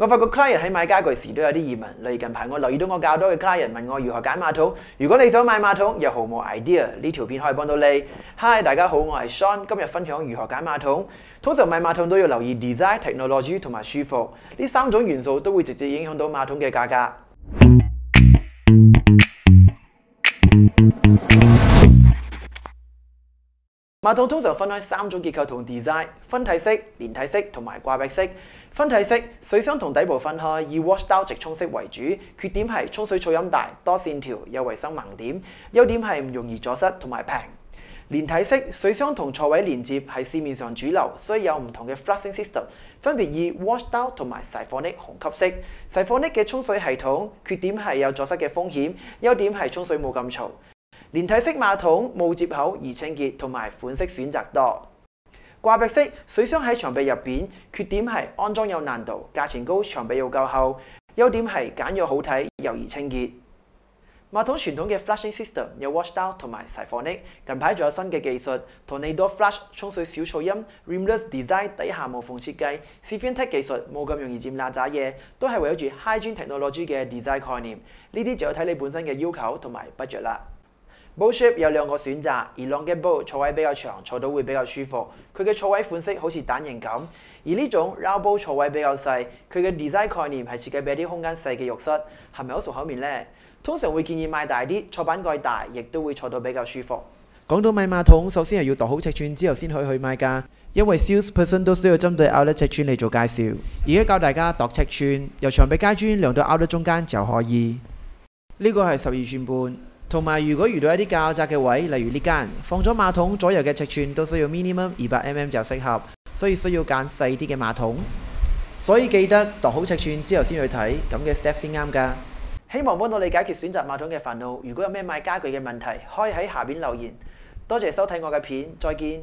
我發覺 client 喺買家具時都有啲疑問，例如近排我留意到我較多嘅 client 問我如何揀馬桶。如果你想買馬桶又毫無 idea，呢條片可以幫到你。Hi，大家好，我係 Sean，今日分享如何揀馬桶。通常買馬桶都要留意 design、technology 同埋舒服，呢三種元素都會直接影響到馬桶嘅價格。馬桶通常分開三種結構同 design：分體式、連體式同埋掛壁式。分體式水箱同底部分開，以 wash down 直沖式為主，缺點係沖水噪音大、多線條、有衛生盲點；優點係唔容易阻塞同埋平。連體式水箱同座位連接，係市面上主流，所以有唔同嘅 flushing system，分別以 wash down 同埋 siphonic 虹吸式。siphonic 嘅沖水系統缺點係有阻塞嘅風險，優點係沖水冇咁嘈。連體式馬桶冇接口，易清潔，同埋款式選擇多。掛壁式水箱喺牆壁入邊，缺點係安裝有難度，價錢高，牆壁要夠厚。優點係簡約好睇，又易清潔。馬桶傳統嘅 flushing system 有 wash down 同埋 siphonic。近排仲有新嘅技術 Tornado Flush 沖水小噪音，rimless design 底下無縫設計，CEFIONTECT 技術冇咁容易沾爛渣嘢，都係圍繞住 hygiene technology 嘅 design 概念。呢啲就要睇你本身嘅要求同埋 budget 啦。Boatship 有兩個選擇，而 l o n g e b o l t 坐位比較長，坐到會比較舒服。佢嘅坐位款式好似蛋形咁，而呢種 Row b o a 坐位比較細，佢嘅 design 概念係設計俾啲空間細嘅浴室，係咪好熟口面呢？通常會建議買大啲，坐板蓋大，亦都會坐到比較舒服。講到買馬桶，首先係要度好尺寸之後先可以去買噶，因為 salesperson 都需要針對 u t 尺寸嚟做介紹。而家教大家度尺寸，由牆壁街磚量到 o 凹凸中間就可以，呢、這個係十二寸半。同埋，如果遇到一啲較窄嘅位，例如呢間，放咗馬桶左右嘅尺寸都需要 minimum 二百 mm 就適合，所以需要揀細啲嘅馬桶。所以記得度好尺寸之後先去睇，咁嘅 step 先啱噶。希望幫到你解決選擇馬桶嘅煩惱。如果有咩買家具嘅問題，可以喺下面留言。多謝收睇我嘅片，再見。